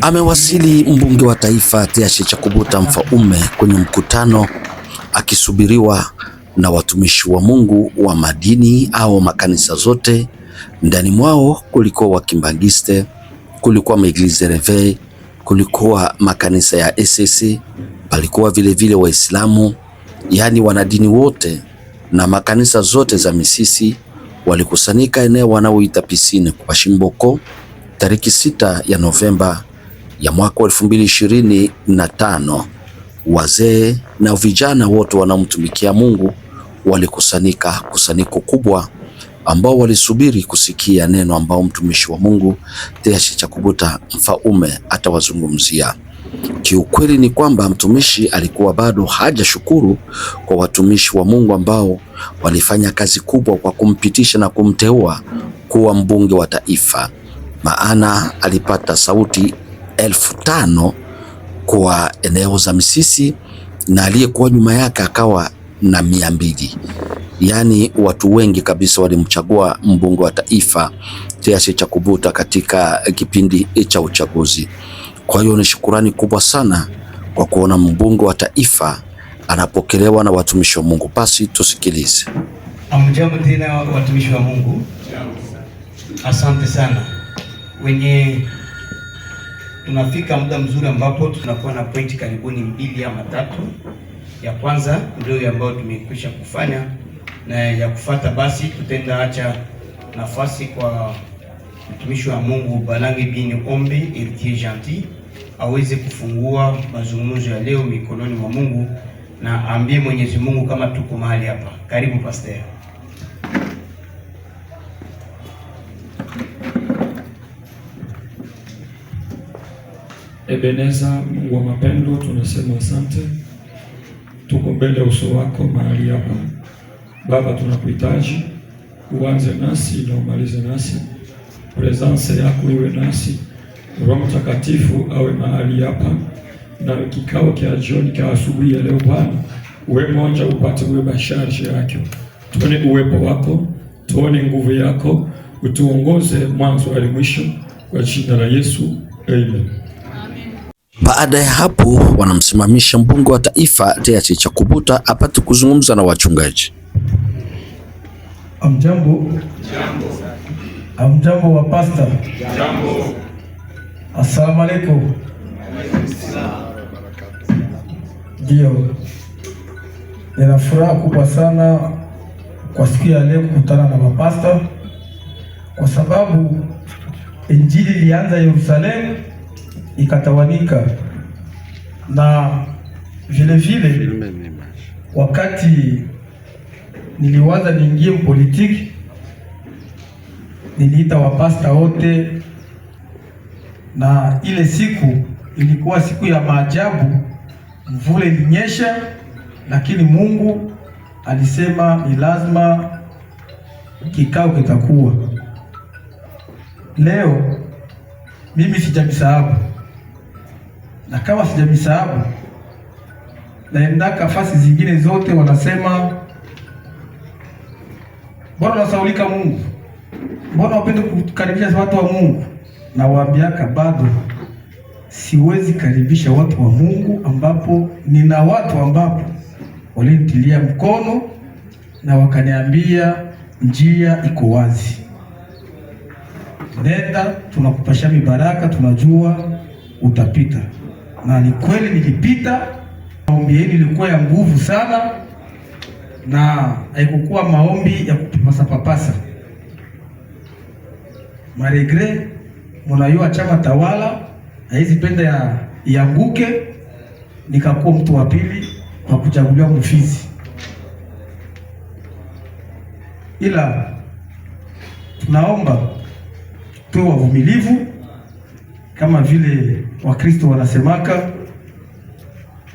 Amewasili mbunge wa taifa cha Chakubuta Mfaume kwenye mkutano akisubiriwa na watumishi wa Mungu wa madini au makanisa zote. Ndani mwao kulikuwa Wakimbangiste, kulikuwa Meglise Reve, kulikuwa makanisa ya SS, palikuwa vilevile Waislamu, yaani wanadini wote na makanisa zote za misisi walikusanyika eneo wanaoita pisine kwa Shimboko tariki 6 ya Novemba ya mwaka wa 2025 wazee na vijana wote wanaomtumikia Mungu walikusanyika kusanyiko kubwa, ambao walisubiri kusikia neno ambao mtumishi wa Mungu cha Chakubuta Mfaume atawazungumzia. Kiukweli ni kwamba mtumishi alikuwa bado hajashukuru kwa watumishi wa Mungu ambao walifanya kazi kubwa kwa kumpitisha na kumteua kuwa mbunge wa taifa maana alipata sauti elfu tano kwa eneo za misisi na aliyekuwa nyuma yake akawa na mia mbili. Yaani watu wengi kabisa walimchagua mbunge wa taifa tiashi cha kuvuta katika kipindi cha uchaguzi. Kwa hiyo ni shukurani kubwa sana kwa kuona mbunge wa taifa anapokelewa na watumishi wa Mungu. Basi tusikilize. Amjambo tena watumishi wa Mungu, asante sana wenye tunafika muda mzuri ambapo tunakuwa na pointi karibuni mbili ama tatu. Ya kwanza ndio ambayo tumekwisha kufanya na ya kufata basi tutenda acha nafasi kwa mtumishi wa Mungu Balangi bin Ombi Heritier Gentil aweze kufungua mazungumzo ya leo mikononi mwa Mungu na aambie Mwenyezi Mungu kama tuko mahali hapa. Karibu pastor. Ebeneza, Mungu wa mapendo, tunasema asante. Tuko mbele uso wako mahali hapa Baba, tunakuhitaji uanze nasi na umalize nasi, presence yako iwe nasi, Roho Mtakatifu awe mahali hapa na kikao kya jioni kya asubuhi ya leo. Bwana uwe moja, upate uwe basharishe yake, tuone uwepo wako, tuone nguvu yako, utuongoze mwanzo hadi mwisho, kwa jina la Yesu, amen. Baada ya hapo, wanamsimamisha mbunge wa taifa Death Chakubuta apate kuzungumza na wachungaji. Amjambo. Amjambo wa pasta. Jambo. Asalamu alaykum. Ndio, nina furaha kubwa sana kwa siku ya leo kukutana na mapasta, kwa sababu injili ilianza Yerusalemu ikatawanika na vile vile, wakati niliwaza niingie mpolitiki, niliita wapasta wote, na ile siku ilikuwa siku ya maajabu. mvule ilinyesha, lakini Mungu alisema ni lazima kikao kitakuwa leo. Mimi sijamsahau na kama sijamisahabu, naendaka fasi zingine zote wanasema mbona unasaulika Mungu, mbona wapende kukaribisha watu wa Mungu? Nawaambiaka bado siwezi karibisha watu wa Mungu ambapo nina watu ambapo walinitilia mkono na wakaniambia njia iko wazi, nenda, tunakupasha mibaraka, tunajua utapita na ni kweli nilipita. Maombi yenu ilikuwa ya nguvu sana, na haikukuwa maombi ya kupapasa papasa. Maregre mnayua chama tawala haizi penda ianguke, nikakuwa mtu wa pili wa kuchaguliwa Mfizi, ila tunaomba tuwe wavumilivu kama vile Wakristo wanasemaka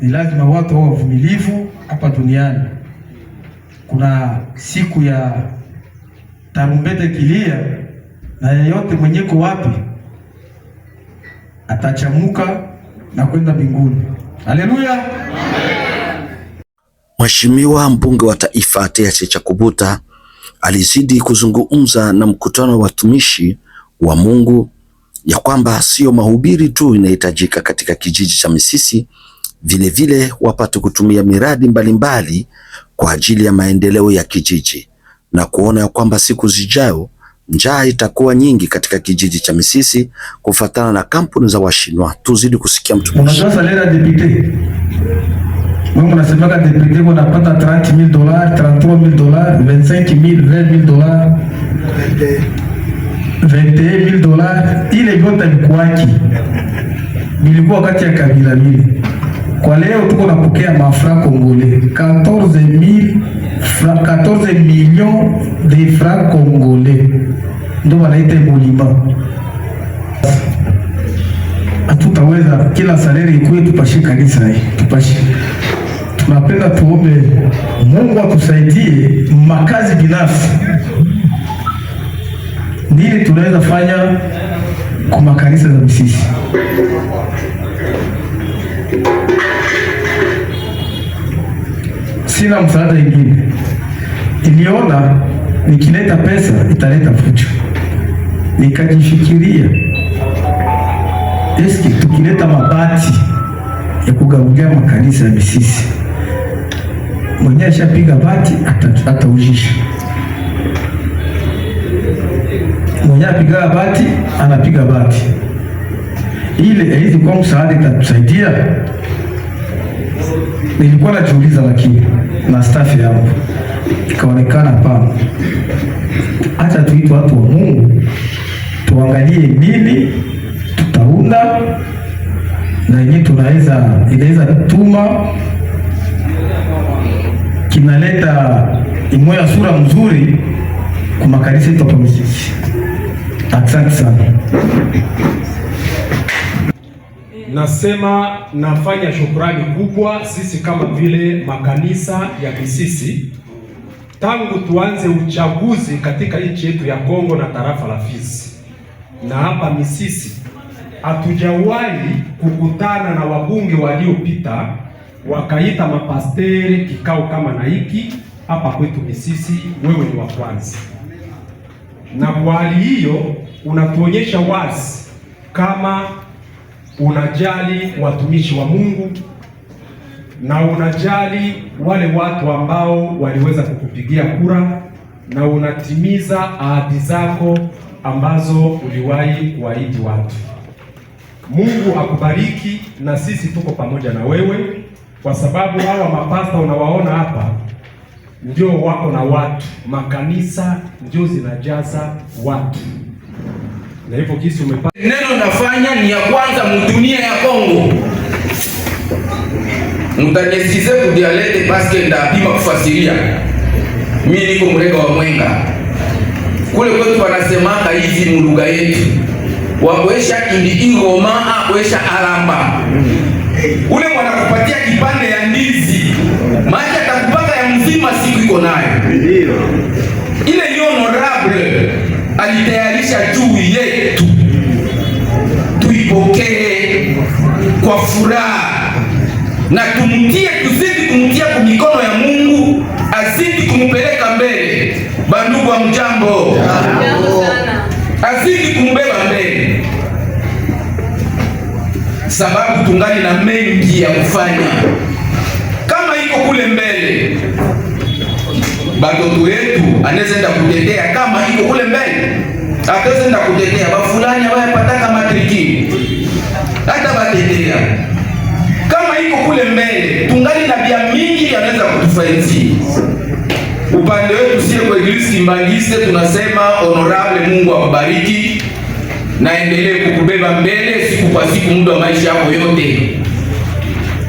ni lazima watu wawe wavumilivu hapa duniani. Kuna siku ya tarumbete kilia, na yeyote mwenyeko wapi atachamuka na kwenda mbinguni. Haleluya! Mheshimiwa mbunge wa taifa Teache Chakubuta alizidi kuzungumza na mkutano wa watumishi wa Mungu ya kwamba sio mahubiri tu inahitajika katika kijiji cha Misisi, vilevile wapate kutumia miradi mbalimbali mbali kwa ajili ya maendeleo ya kijiji na kuona ya kwamba siku zijayo njaa itakuwa nyingi katika kijiji cha Misisi kufatana na kampuni za Washinwa. Tuzidi kusikia mtu mnasemaka depute unapata 25000 21000 wake Nilikuwa kati ya kabila mbili. Kwa leo tuko napokea mafra kongole 14000 fra 14 millions de francs kongole, ndio wanaita bolima. Hatutaweza kila salari ikuwe tupashe kanisa hii, tupashe. Tunapenda tuombe Mungu atusaidie makazi binafsi, ndio tunaweza fanya kwa makanisa za misisi. Sina msaada ingine, niliona nikileta pesa italeta fujo, nikajifikiria eski tukileta mabati ya kugaulia makanisa ya misisi, mwenye ashapiga bati ataujisha ata mwenye apiga bati anapiga bati ile hizi kwa msaada itatusaidia. Nilikuwa najiuliza, lakini na staff yangu ikaonekana pana, hata tuitwe watu wa Mungu, tuangalie nini tutaunda na yenyewe tunaweza inaweza tuma kinaleta imoya sura mzuri kwa makanisa yetu hapa Misisi. Asante sana. Nasema nafanya shukrani kubwa sisi kama vile makanisa ya Misisi tangu tuanze uchaguzi katika nchi yetu ya Kongo na tarafa la Fizi na hapa Misisi, hatujawahi kukutana na wabunge waliopita wakaita mapasteri kikao kama na hiki hapa kwetu Misisi. Wewe ni wa kwanza na kwa hali hiyo unatuonyesha wazi kama unajali watumishi wa Mungu na unajali wale watu ambao waliweza kukupigia kura na unatimiza ahadi zako ambazo uliwahi kuahidi watu. Mungu akubariki, na sisi tuko pamoja na wewe, kwa sababu hawa mapasta unawaona hapa ndio wako na watu, makanisa ndio zinajaza watu, na hivyo kisi umepata neno nafanya ni ya kwanza mdunia ya Kongo mutanyesize kudialete paske ndapima kufasiria. Mi niko mrega wa Mwenga kule kwetu wanasemaka hivi mulugha yetu wakwesha indi ingoma akwesha alamba ule wanakupatia kipande ya ndizi maji nzima siku iko nayo. Ndio. Ile hiyo honorable alitayarisha juu yetu, tuipokee kwa furaha na tumtie, tuzidi kumtia kwa mikono ya Mungu, azidi kumpeleka mbele. Bandugu wa mjambo, azidi kumbeba mbele, sababu tungali na mengi ya kufanya kama iko kule mbele mbele, batoto yetu anawezaenda kutetea kama iko kule mbele, akawezaenda kutetea bafulani pataka matriki hata batetea kama iko kule mbele, tungali na bia mingi anaweza kutufaidi upande wetu sie kwa Iglesi Simbangise tunasema honorable, Mungu akubariki, naendelee kukubeba mbele siku kwa siku, muda wa maisha yako yote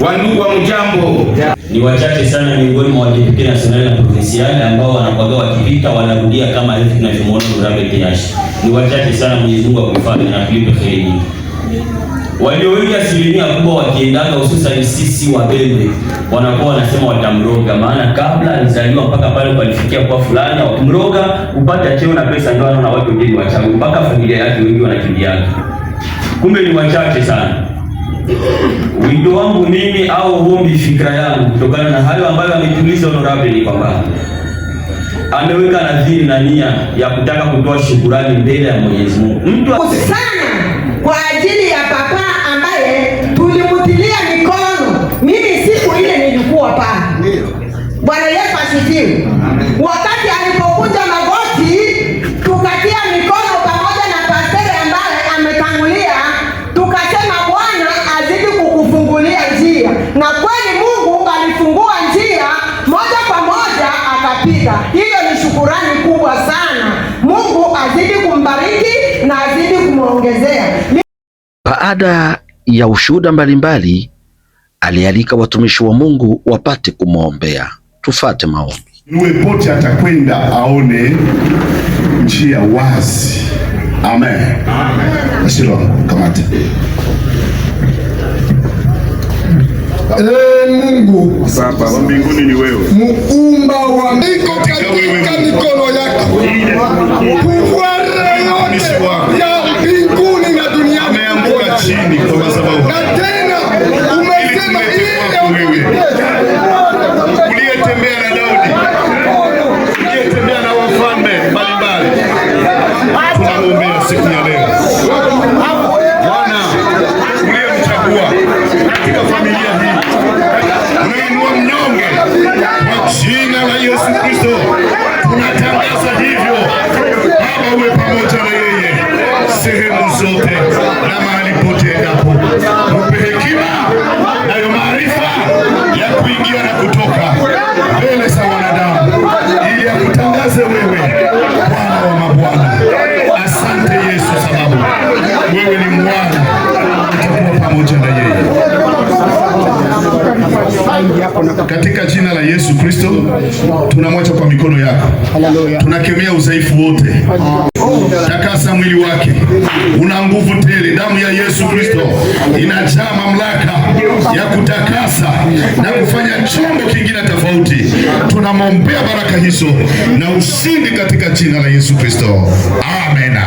wandugu wa mjambo, ni wachache sana miongoni mwa wadepute nasionali na provinsiali ambao wanakwaga wakipita wanarudia kama hivi tunavyomwona Murambe Kiashi. Ni wachache sana, Mwenyezi Mungu akufanya na kulipe heri nyingi. Walio wengi asilimia kubwa wakiendaga, hususani sisi Wabembe, wanakuwa wanasema watamroga, maana kabla alizaliwa mpaka pale palifikia kwa fulani, wakimroga upata cheo na pesa, ndio anaona watu wengi wachawi, mpaka familia yake wengi wanakimbiaga. Kumbe ni wachache sana Wito wangu mimi au ombi fikra yangu kutokana na hayo ambayo ametuliza honorable ni kwamba ameweka nadhiri na nia ya kutaka kutoa shukurani mbele ya Mwenyezi Mungu. Mtu sana kwa ajili ya papa ambaye tulimutilia mikono. Mimi siku ile nilikuwa pale. Bwana Yesu asifiwe. Wakati alipokuja uliopita. Hiyo ni shukurani kubwa sana. Mungu azidi kumbariki na azidi kumwongezea. Baada ya ushuhuda mbalimbali, alialika watumishi wa Mungu wapate kumwombea. Tufate maombi. Yule pote atakwenda aone njia wazi. Amen. Amen. Kamata. Ee Mungu Baba wa mbinguni, ni wewe iko katika mikono yako. Pouvoir yote ya mbinguni na duniani katika jina la Yesu Kristo tunamwacha kwa mikono yako. Tunakemea udhaifu wote, takasa mwili wake, una nguvu tele. Damu ya Yesu Kristo inajaa mamlaka ya kutakasa na kufanya chombo kingine tofauti. Tunamwombea baraka hizo na ushindi katika jina la Yesu Kristo, amena.